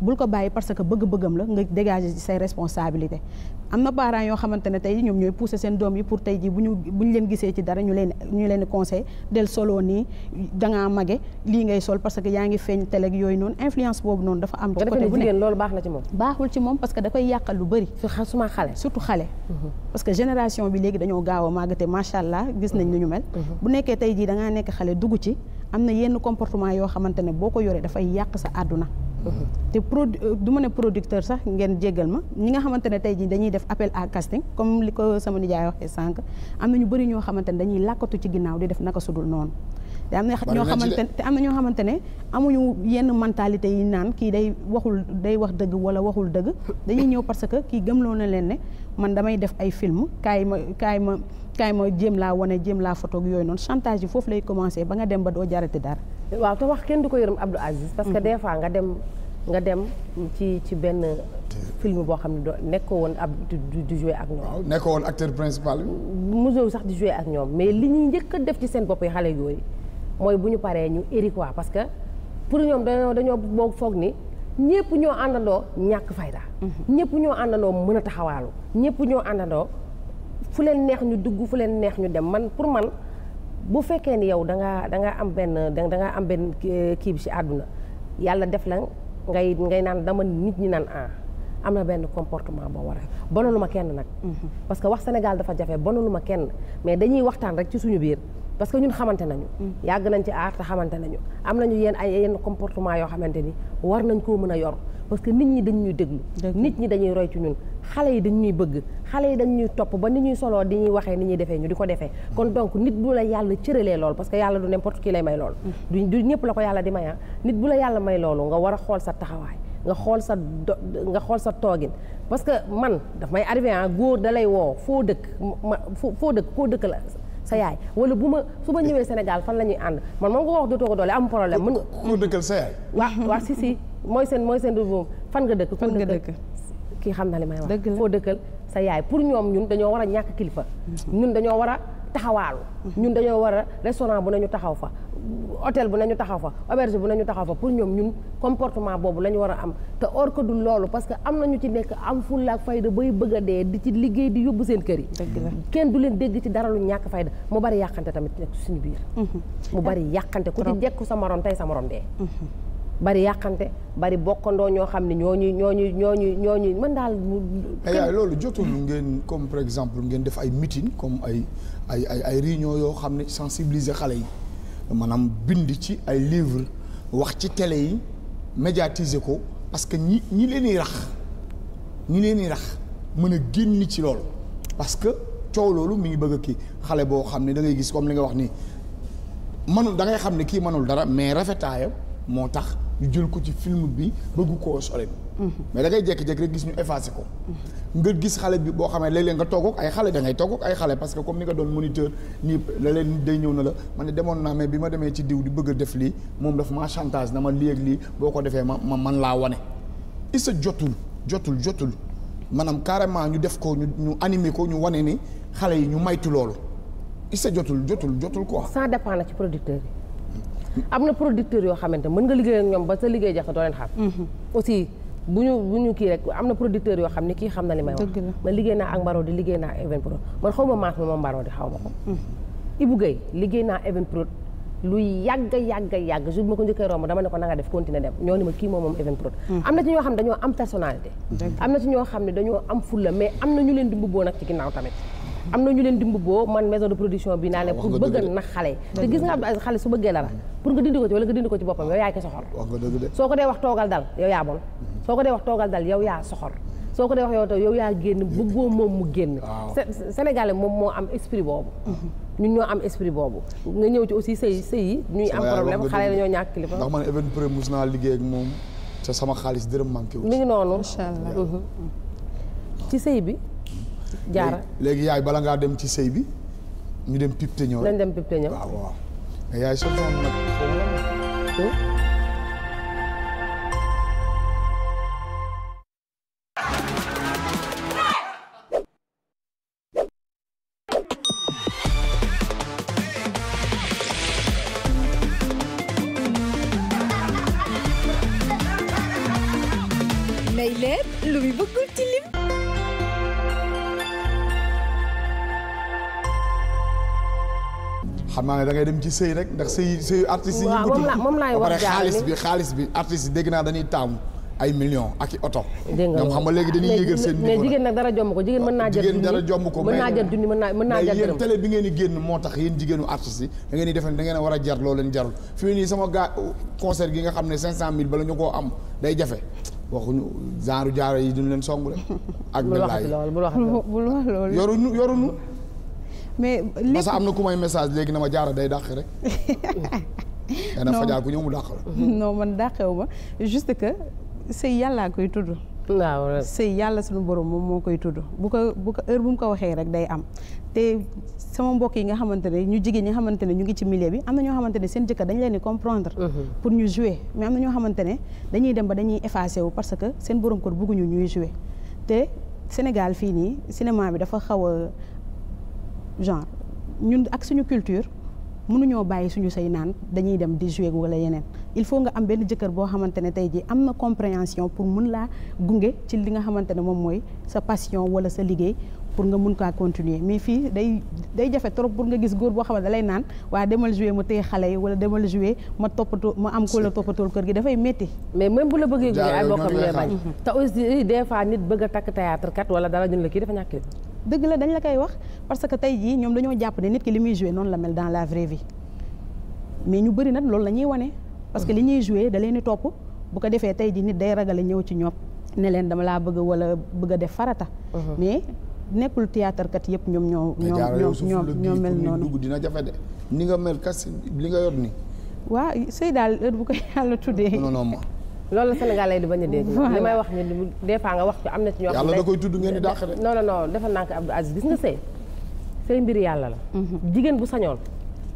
bul ko bàyyi parce que bëgg-bëggam la nga dégager ci say responsabilité am na parents yoo xamante ne tey ñoom ñooy poussé seen doom yi pour tey jii bu ñu bu ñu leen gisee ci dara ñu leen conseil del solo nii dangaa mage lii ngay sol parce que yaa ngi feeñ télé ak yooyu noonu influence boobu noonu dafa am. côté bu ne loolu baax na ci moom. Mhm. génération bi léegi dañoo gaaw a màggate macha allah gis nañ lu ñu mel. Mhm. bu tey jii da ngaa nekk xale dugg ci am na yenn comportement yoo xamante ne boo ko yoree dafay yàq sa àdduna. Mhm. te pro du ma ne producteur sax ngeen jéggal ma ñi nga xamante ne tey jii dañuy def appel à casting comme li ko sama nijaay waxee sànq am na ñu bëri ñoo xamante ne dañuy làkkatu ci ginnaaw di def naka sudul noonu te am na ñoo xamante na ñoo xamante ne amuñu yenn mentalité yi naan kii day waxul day wax dëgg wala waxul dëgg dañuy ñëw parce que kii gëmloo na leen ne man damay def ay film kaay ma kaay ma kaay ma jéem laa wane jéem laa photo yooyu noonu chantage yi foofu lay commencé ba nga dem ba doo jarati dara waaw te wax kenn du ko yërëm Abdou nga dem ci ci benn film boo xam ne doo nekkoo woon ab di jouer ak ñoom. waaw nekkoo woon acteur principal bi. sax di jouer ak ñoom mais li ñuy njëkk a def ci seen bopp yi xale yooyu mooy bu ñu paree ñu éri quoi parce que pour ñoom dañoo dañoo boog foog ni ñëpp ñoo àndandoo ñàkk fayda. Mhm. ñëpp ñoo àndandoo mën a taxawaalu. ñëpp ñoo àndandoo fu leen neex ñu dugg fu leen neex ñu dem man pour man bu fekkee ni yow da ngaa da am benn da ngaa am benn eh, kii bi ci àdduna yàlla def la. ngay ngay naan dama nit ñi naan ah am na benn comportement boo war lu ma kenn nag. Mhm. parce que wax Sénégal dafa jafe ma kenn mais dañuy waxtaan rek ci suñu biir. parce que ñun xamante nañu. Mhm. yàgg nañ ci aar te xamante nañu am nañu yenn ay yenn comportement yoo xamante ni war nañ koo mën a yor. parce que nit ñi dañ déglu nit ñi dañuy roy ci ñun xale yi dañ ñuy bëgg xale yi dañ ñuy topp ba ni ñuy soloo di ñuy waxee ni ñuy defee ñu di ko defee mm. kon donc nit bu la yàlla cëralee lool parce que yàlla du n'importe qui lay may lool mm. du du ñëpp la ko yàlla di mayaa ah. nit bu la yàlla may loolu nga war a xool sa taxawaay nga xool sa nga xool sa toogin parce que man daf may arrivé ah góor da lay woo foo dëkk ma foo dëkk foo dëkk la sa yaay wala bu ma su ma ñëwee Sénégal fan la ñuy ànd man moom nga ko wax dootoo ko doole am problème. mën nga dëkkal sa yaay. waaw waaw si si mooy seen mooy seen réew fan nga dëkk. fan nga dëkk kii xam na li may wax. dëgg la foo dëkkal sa yaay pour ñoom ñun dañoo war a ñàkk kilifa. Mm-hmm. ñun dañoo war taxawaalu ñun dañoo war a restaurant bu nañu taxaw fa hôtel bu nañu taxaw fa auberge bu nañu taxaw fa pour ñoom ñun comportement boobu la ñu war a am te or que du loolu parce que am ñu ci nekk am fulla ak fayda bay bëgg dee di ci liggéey di yóbbu seen kër yi kenn du leen dégg ci dara lu ñàkk fayda mu bari yàqante tamit suñu biir mhm. mu bari yàqante ku ci jekku sa morom tey sa morom dee mhm. bari yàqante bari bokkandoo ñoo xam ne ñoo ñooñu ñoo ñooñu mën daal. Eh, yaay loolu jotul ngeen comme par exemple ngeen def ay meeting comme ay ay ay réunion yoo xam ne sensibiliser xale yi maanaam bind ci ay livre wax ci télé yi médiatiser ko parce que ñi ñi leen yi rax ñi leen yi rax mën a génn ci lool parce que coow loolu mu ngi bëgg a kii xale boo xam ne da ngay gis comme li nga wax nii manul da ngay xam ne kii manul dara mais rafetaayam moo tax ñu ko ci film bi bëgg koo sori mais da ngay jekki jékki rek gis ñu effacé ko. nga gis xale bi boo xamee léeg-léeg nga toog ay xale da ngay toog ay xale parce que comme ni nga doon moniteur nii la leen day ñëw na la man ne demoon naa mais bi ma demee ci diw di bëgg a def lii moom dafa ma chantage na ma lii lii boo ko defee ma man laa wane. isa jotul jotul jotul maanaam carrément ñu def ko ñu ñu animé ko ñu wane ni xale yi ñu maytu loolu isa jotul jotul jotul koo ça dépend na ci producteur yi. am na producteur yoo xamante mën nga liggéey ak ba sa liggéey bu ñu bu ñu kii rek am na producteur yoo xam ne kii xam na li may wax man liggéey naa ak Mbarodi liggéey naa ak Even Prod man xaw ma maas mi moom Mbarodi xaw ma ko mm-hmm. Ibou liggéey naa Even Prod lu yàgg yàgg yàgg jour bi ma ko njëkkee romb dama ne ko na nga def continuer dem ñoo ni ma kii moom moom Even mm-hmm. am na ci ñoo xam ne dañoo am personnalité am na ci ñoo xam ne dañoo am fulla mais am na ñu leen di mbubboo nag ci ginnaaw tamit am na ñu leen di mbubboo man maison de production bi naa leen pour bëgg a nax xale te gis nga Abdou Aziz xale su bëggee dara pour nga dindi ko ci wala nga dindi ko ci boppam yow yaay ko soxor soo ko dee wax toogal dal yow yaa bon soo ko dee wax yow yaa soxor soo ko dee wax yow yaa génn bëggoo moom mu génn sénégalais moom moo am esprit boobu ñun ñoo am esprit boobu nga ñëw ci aussi sëy sëy yi ñuy am problème xale dañoo ñàkk kilifa ndax man even pré mus naa liggéey ak moom xaalis dërëm manqué wu mi ngi noonu mhm. ci bi jaara léegi yaay bala ngaa dem ci sëy bi ñu dem pipte ñëw. nañ dem pipte ñëw waaw waaw. xam naa ne da dem ci sëy rek ndax sëy sëyu artistes yi. waaw moom laay wax xaalis bi xaalis bi artistes yi dégg naa dañuy taamu ay millions ak i oto. ñoom xam nga léegi dañuy yëgal seen. moo tax yéen jigéenu artistes yi da ngeen di def da ngeen war a jar loo leen jarul fi nii sama gaa concert gi nga xam ne 500000 bala ñu koo am day jafe waxuñu genre jaaro yi duñ leen song rek. *laughs* ak. bul wax loolu yoruñu yoruñu mais lépp parce am na ku may message léegi na ma jaara day dàq rek. *laughs* non fajar ku ñëw mu dàq la. non man dàqewu ma juste que sëy yàllaa koy tudd. waaw sëy yàlla suñu borom moom moo koy tudd bu ko bu ko heure bu mu ko waxee rek day am te sama mbokk yi nga xamante ne ñu jigéen ñi nga xamante ne ñu ngi ci milieu bi am na ñoo xamante ne seen jëkkër dañ leen di comprendre mhm. pour ñu jouer mais am na ñoo xamante ne dañuy dem ba dañuy effacé wu parce que seen borom kër bëgguñu ñuy jouer te Sénégal fii nii cinéma bi dafa xaw a genre ñun ak suñu culture mënuñoo bàyyi suñu say naan dañuy dem di jouer wala yeneen il faut nga am benn jëkkër boo xamante ne tey jii am na compréhension pour mun laa gunge ci li nga xamante ne moom mooy sa passion wala sa liggéey pour nga mun kaa continuer mais fii day day jafe trop pour nga gis góor boo xam ne naan waa demal jouer ma téye xale yi wala demal jouer ma toppatoo ma am ko la toppatool kër gi dafay métti. mais même bu la bëggee gunge ay bokkam lay bañ. te aussi des fois nit bëgg a takk théâtre kat wala dara ñun dëgg la dañ la koy wax parce que tey jii ñoom dañoo jàpp ne nit ki li muy joué noonu la mel dans la vraie vie mais ñu bëri nag loolu la ñuy wane parce que li ñuy joué da leen di topp bu ko defee tey jii nit day ragal ñëw ci ñoom ne leen dama laa bëgg wala bëgg a def farata mhm. mais nekkul théâtre kat yëpp ñoom ñoo ñoo ñoo ñoo mel ñoom dugg dina jafe de ni nga mel kas li nga yor ni waa sëy daal heure bu ko *laughs* yàlla tuddee non non loolu la Sénégal lay di bañ a li may wax ni des fois nga wax ci am na ci ñoo xam ne yàlla da koy tudd ngeen di dàq de. non gis nga sëy sëy mbir yàlla la. Mhm. jigéen bu sañoon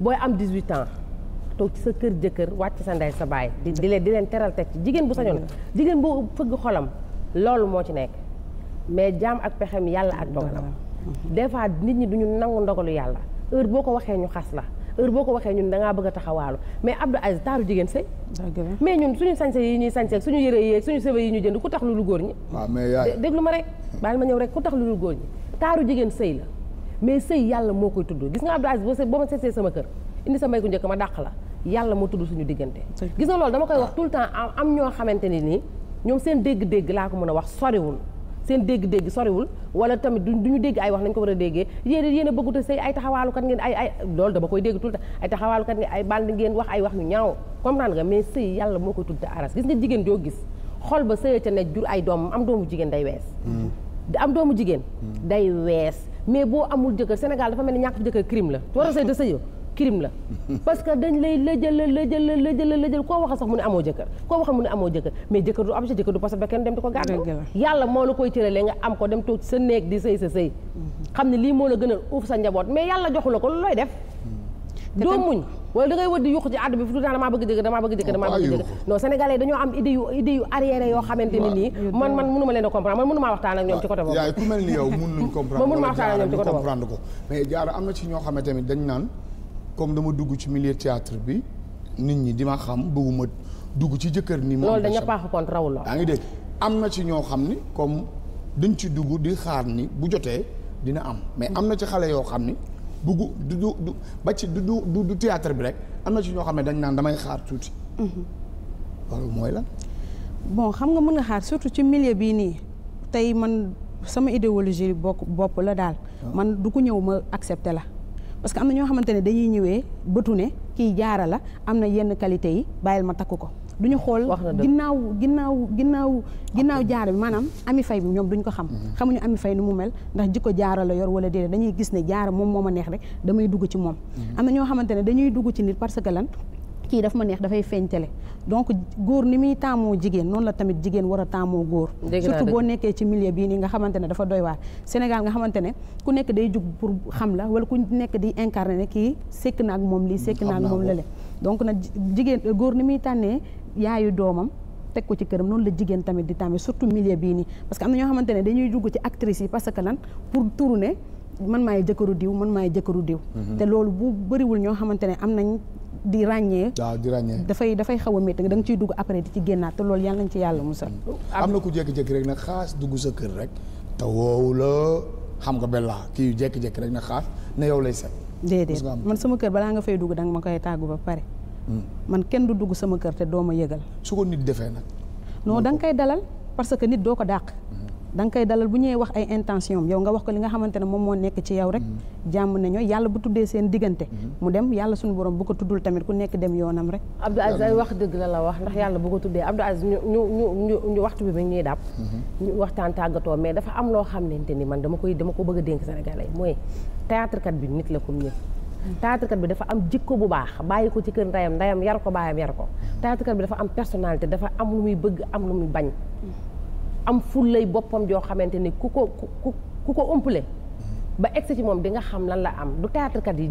booy am 18 ans. toog ci sa kër jëkkër wàcc sa ndey sa baay. di leen di leen teral teg ci jigéen bu sañoon. Mhm. jigéen boo fëgg xolam loolu moo ci nekk mais jaam ak pexem yàlla ak dogalam. Mhm. des nit ñi duñu nangu ndogalu yàlla heure boo ko waxee ñu xas la. heure boo ko waxee ñun dangaa bëgg a taxawaalu mais Abdou Aziz taaru jigéen sëy mais ñun suñu sañse yi ñuy sañse suñu yëre yi suñu sëbe yi ñu jënd ku tax lu lu góor ñi déglu ma rek baal ma ñëw rek ku tax lu lu góor ñi taaru jigéen sëy la mais sëy yàlla moo koy tudd gis nga Abdou Aziz boo boo ma seesee sama kër indi sa mbay ku njëkk ma dàq la yàlla moo tudd suñu diggante gis nga loolu dama koy wax tout le am ñoo xamante ni nii ñoom seen dégg-dégg laa ko mën a wax soriwul seen dégg-dégg soriwul wala tamit du ñu dégg ay wax lañ ko war a déggee yée yéen a bëggut a sëy ay taxawaalukat ngeen ay ay loolu dama koy dégg tout le temps ay taxawaalukat ngeen ay bànd ngeen wax ay wax ñu ñaaw comprendre nga mais sëy yàlla moo ko tudde aras gis nga jigéen joo gis xol ba sëya ca ne jur ay doomam am doomu jigéen day wees di hmm. am doomu jigéen hmm. day wees mais boo amul jëkkër Sénégal dafa mel ni ñàkk jëkkër crime la war a sëy da sëyo crime la parce que dañ lay lëjëla lëjëla lëjël koo waxa sax mu ne amoo jëkkër koo waxa mu ne amoo jëkkër mais jëkkër du moo la am ko dem toog sa néeg moo la gënal uuf sa mais yàlla la ko looy def doo muñ wala oh, am idée yu idée *laughs* am na ci ñoo xamante ne dañ naan comme dama dugg ci milieu théâtre bi nit ñi di ma xam bëgguma dugg ci jëkkër ni ma loolu dañu paax kon la ngi dégg am na ci ñoo xam ni comme dañ ci dugg di xaar ni bu jotee dina am mais am na ci xale yoo xam ni buggu du du du ba ci du théâtre bi rek am na ci ñoo xam ne dañ naan damay xaar tuuti mhm. mooy la bon xam nga mën nga xaar surtout ci millier bii nii tey man sama idéologie bokk bopp la daal ah. man du ko ñëw ma accepté la parce que am na ñoo xamante ne dañuy ñëwee bëtu ne kii jaara la am na yenn qualité yi bàyyil ma takk ko du ñu xool ginnaaw ginnaaw ginnaaw ginnaaw jaara bi maanaam ami fay bi ñoom duñ ko xam mhm. xamuñu ami fay nu mu mel ndax jikko jaara la yor wala de dañuy gis ne jaara moom moo ma neex rek damay dugg ci moom mhm. am na ñoo xamante ne dañuy dugg ci nit parce que lan kii dafa ma neex dafay feeñ donc góor ni muy taamoo jigéen noonu la tamit jigéen war a taamoo góor surtout boo nekkee ci milieu bii nii nga xamante ne dafa doy waar Sénégal nga xamante ne ku nekk day jug pour xam la wala ku nekk di incarné ne kii sekk na ak moom lii sekk na ak moom lële donc na jigéen góor ni muy tànnee yaayu doomam teg ko ci këram noonu la jigéen tamit di tàmmee surtout milieu bii nii parce que am na ñoo xamante n dañuy dugg ci actrice yi parce que lan pour tourner man maay jëkkëru diw man maay jëkkëru diw. Mhm. te loolu bu bëriwul ñoo xamante ne am nañ di ràññee. waaw di ràññee dafay dafay xaw a métti da nga ciy dugg après di ci génnaat te loolu yàlla nañ ci yàlla musal. Mm. am na ku jékki-jékki rek nag xaas dugg sa kër rek. te woowu la xam nga bella kii jékki-jékki rek na xaas ne yow lay set. déedéet man sama kër balaa nga fay dugg danga ma koy tàggu ba pare. Mm. man kenn du dugg sama kër te doo ma yëgal. su ko nit defee nag. non que nit doo ko dàq. Mm. danga nga koy dalal bu ñëwee wax ay intention yow nga wax ko li nga xamante ne moom moo nekk ci yow rek mm-hmm. jàmm nañoo yàlla bu tuddee seen diggante mm-hmm. mu dem yàlla suñu borom bu ko tuddul tamit ku nekk dem yoonam rek Abdou Aziz ay wax dëgg la la wax ndax yàlla bu ko tuddee Abdou Aziz ñu ñu ñu waxtu bi mi ñuy dàpp mm-hmm. ñu waxtaan tàggatoo mais dafa am loo xamante ni man dama koy dama ko bëgg a dénk Sénégalais mooy théâtre kat bi nit la comme ñëpp bi dafa am jikko bu baax bàyyi ko ci kër ndeyam ndeyam yar ko baayam ko théâtre kat bi dafa am personnalité dafa am lu muy bëgg am lu muy bañ am fullay boppam joo xamante ni ku ko ku ku ko ëmpale ba egsi ci moom di nga xam lan la am du théâtre yi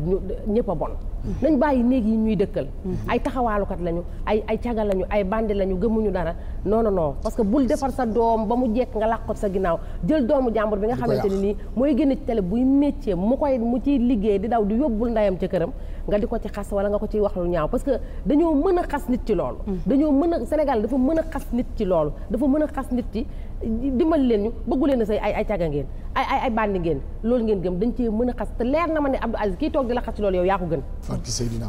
ñëpp a bon nañ bàyyi néeg yi ñuy dëkkal ay taxawaalukat lañu ay ay caga lañu ay bandi lañu gëmuñu dara non non non parce que bul defar sa doom ba mu jekk nga làqot sa ginnaaw jël doomu jàmbur bi nga xamante ne nii mooy génn ci buy métier mu koy mu ciy liggéey di daw di yóbbul ndayam ca këram nga di ko ci xas wala nga ko ciy wax lu ñaaw parce que dañoo mën a xas nit ci loolu mm. dañoo mën a Sénégal dafa mën a xas nit ci loolu dafa mën a xas nit ci dimbali leen ñu bëggu leen say ay ay caga ay ay ay bandi ngeen loolu ngeen gëm dañ cee mën a xas te leer na ma ne Abdou Aziz kii toog di la xas ci loolu yaa ko gën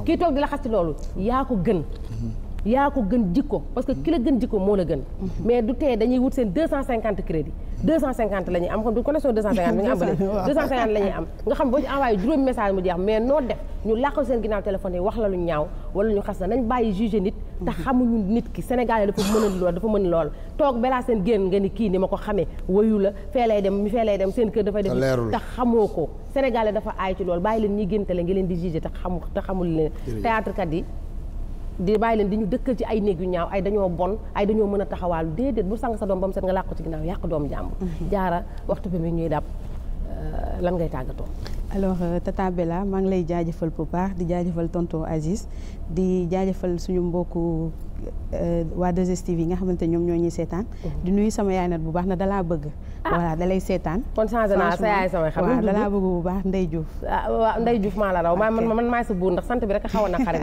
kii toog di la xas ci loolu yaa ko gën mhm. yaa ko gën jikko parce que ki la gën jikko moo la gën mhm. mais du tee dañuy wut seen deux cent cinquante crédit mhm. deux cent cinquante la am nga xam boo ci envoyé juróomi message mu jeex mais noo def ñu làqal seen ginnaaw téléphone yi wax la lu ñaaw wala ñu xas na nañ bàyyi juger nit te xamuñu nit ki sénégalais dafa mën a lool dafa mën lool toog balaa seen génn nga ni kii ni ma ko xamee wayu la fee lay dem mi fee dem seen kër dafay def te xamoo ko sénégalais dafa aay ci lool bàyyi leen ñi géntale ngi leen di jugé te xamu te xamul leen théâtre kat yi di bàyyi leen di ñu dëkkal ci ay néeg yu ñaaw ay dañoo bon ay dañoo mën a taxawaalu déedéet bu sang sa doom ba mu set nga làq ko ci ginnaaw yàq doom jàmbur mhm. jaara waxtu bi mi ñuy dab euh, lan ngay tàggatoo alors euh, maa ngi lay jaajëfal bu baax di jaajëfal tonton Aziz di jaajëfal suñu mbokku euh, waa 2STV yi nga xamante ñoom ñoo ñuy seetaan. Mhm. di nuyu sama yaay nat bu baax na dalaa bëgg. Ah. voilà dalay seetaan. kon changé naa sa yaay samay xam waaw bëgg bu baax Ndeye Diouf. ah waaw Ndeye Diouf maa la raw man man maay sa buur ndax sant bi rek a xaw a naqari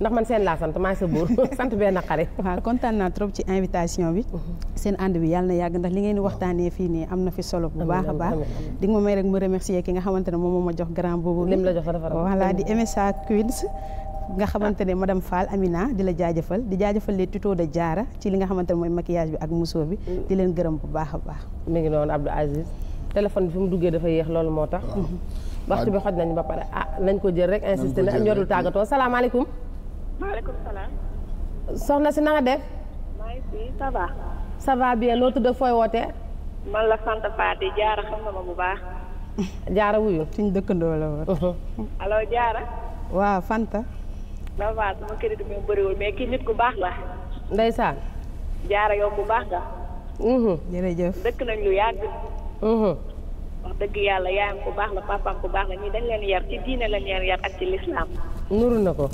ndax man seen laa sant maay sa buur *laughs* sant bee naqari. waaw kontaan naa trop ci invitation bi. Mhm. seen ànd bi yàlla na yàgg ndax li ngeen di waxtaanee fii nii am na fi solo bu baax a baax. di nga ma may rek ma remercier ki nga xamante ne moom moo ma jox grand boobu. lim la jox di MSA Queens nga xamante ne madame Fall Amina di la jaajëfal di jaajëfal les tutos de Diarra ci li nga xamante ne mooy maquillage bi ak muso bi di leen gërëm bu baax a baax mi ngi noonu Abdou Aziz téléphone bi fi mu duggee dafa yéex loolu moo tax waxtu bi xoj nañ ba pare ah nañ ko jël rek insisté na ñorul tàggatoo salaamaaleykum maaleykum salaam soxna si na def maa ngi fi ça loo tudd fooy woote man la sant Faty Diarra xam bu baax Diarra wuyu suñ dëkkandoo la woon. Uh-huh. ça va sama crédit moom bëriwul mais ki nit ku baax la. ndeysaan. jaara yow bu baax nga. Mhm. jërëjëf dëkk nañ lu yàgg. Mhm. wax dëgg yàlla yaayam ku baax la papaam ku baax la ñii dañ leen yar ci diine lañ leen yar ak ci lislaam. nuru na ko.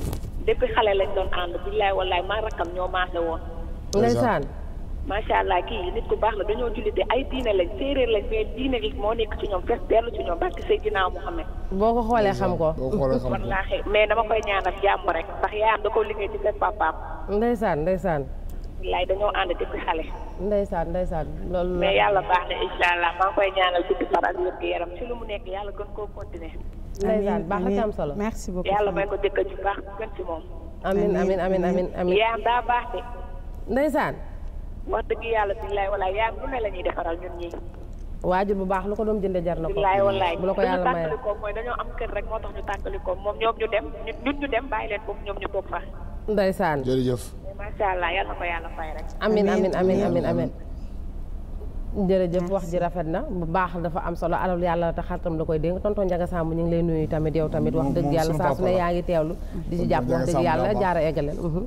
depuis xale lañ doon ànd billaay wallaay maa rakkam ñoo maase woon. ndeysaan. macha allah kii nit ku baax na dañoo jullite ay diine lañ séeréer lañ mais diine li moo nekk ci ñoom fees dellu ci ñoom barke Seydina Muhammad boo ko xoolee xam ko boo ko xoolee xam ko wallaahi mais dama koy ñaanal jàmm rek ndax yaayam da ko liggéey ci seen papaam ndeysaan ndeysaan wallaay dañoo ànd depuis xale ndeysaan saan loolu mais yàlla baax na incha allah maa koy ñaanal ci far ak wér gu yaram ci lu mu nekk yàlla gën koo continuer ndeysaan baax na am solo merci beaucoup yàlla may ko dëkk ju baax gën ci moom amin amin amin wax dëgg yàlla billaay walaay yaa ngi lu ne la defaral ñun ñii. waajur bu baax lu ko doom jënde jar na ko. billaay walaay bu la ko yàlla mayee ñu tàkkalikoo mooy dañoo am kër rek moo allah na ko yàlla fay rek. amiin amiin amiin rafet na bu baax dafa am solo alal yàlla te xaritam la koy dénk tonton Ndiaga Samb ñu ngi lay nuyu tamit yow tamit wax dëgg yàlla saa su ne yaa ngi teewlu di ci jàpp wax dëgg yàlla jaara eggaleel mhm.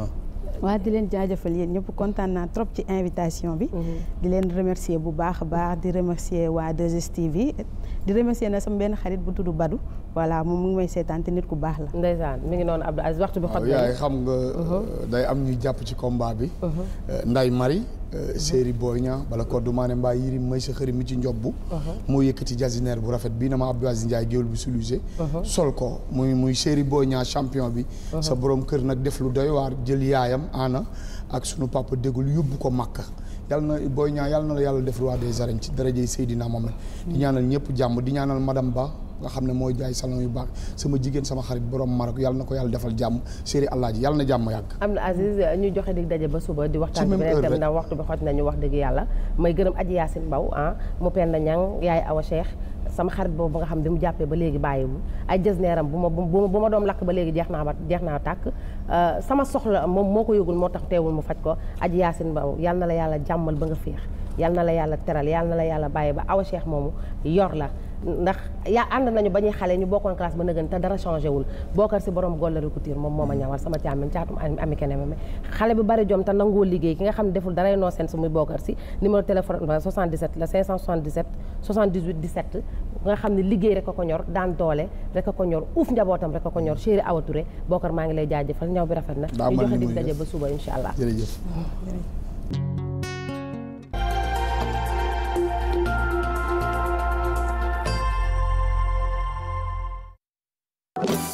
ah. waa di leen jaajëfal yéen ñëpp kontaan naa trop ci invitation bi. Mhm. di leen remercier bu baax a baax di remercier waa 2STV. di remercier na sama benn xarit bu tudd Badou voilà moom mu ngi may seetaan te nit ku baax la. ndeysaan mi ngi noonu Abdou Aziz waxtu bi. xot yaay xam nga. Uh-huh. Euh, day am ñuy jàpp ci combat bi. Nday Mari. séeri Boy Niang bala koddu maa ne mbaa yirim may sa xëri mi ci njobbu uh-huh. moo yëkkati jasineer bu rafet bii na ma Abdou Aziz Ndiaye bi solusé uh-huh. sol ko muy muy séeri Boy ñaa champion bi sa borom kër nag def lu doy waar jël yaayam aana ak sunu papa dégul yóbbu ko Makka yal na Boy Niang yàlla na la yàlla def roi des arènes ci darajey Seydina Mohamed di ñaanal ñëpp nga xam ne mooy jaay salon yu baax sama jigéen sama xarit borom Maroc yàlla na ko yàlla defal jàmm séri Alaaji yàlla na jàmm yàgg am na Aziz ñu joxe dig daje ba suba di waxtaan bi dem na waxtu bi xoj nañu wax dëgg yàlla may gërëm Aji Yaasin Mbaw ah mu pen na ñang yaay Awa Cheikh sama xarit boobu nga xam ne mu jàppee ba léegi bàyyiwu ay jës neeram bu ma bu ma doom lakk ba léegi jeex naa ba jeex naa tàkk Euh, sama soxla moom moo ko yëgul moo tax teewul mu faj ko aji yaasin ba yal na la yàlla jàmmal ba nga féex yal na la yàlla teral yal na la yàlla bàyyi ba awa cheikh moomu yor la ndax yaa ànd nañu ba ñuy xale ñu bokkoon classe ba nëgën te dara changé wul bokkar si borom gollaru couture moom moo ma ñawal sama càmmiñ caatum ami kene ma xale bi bari jom te nangoo liggéey ki nga xam deful dara noo su muy bokkar si numéro téléphone 77 euh, la nga xam ne liggéey rek a ko ñor daan doole rek a ko ñor uuf njabootam rek a ko ñor chéri Awa Touré bokkar maa ngi lay jaajëfal ñaw bi rafet na ñu joxe dig daje ba suba insha allah jërëjëf you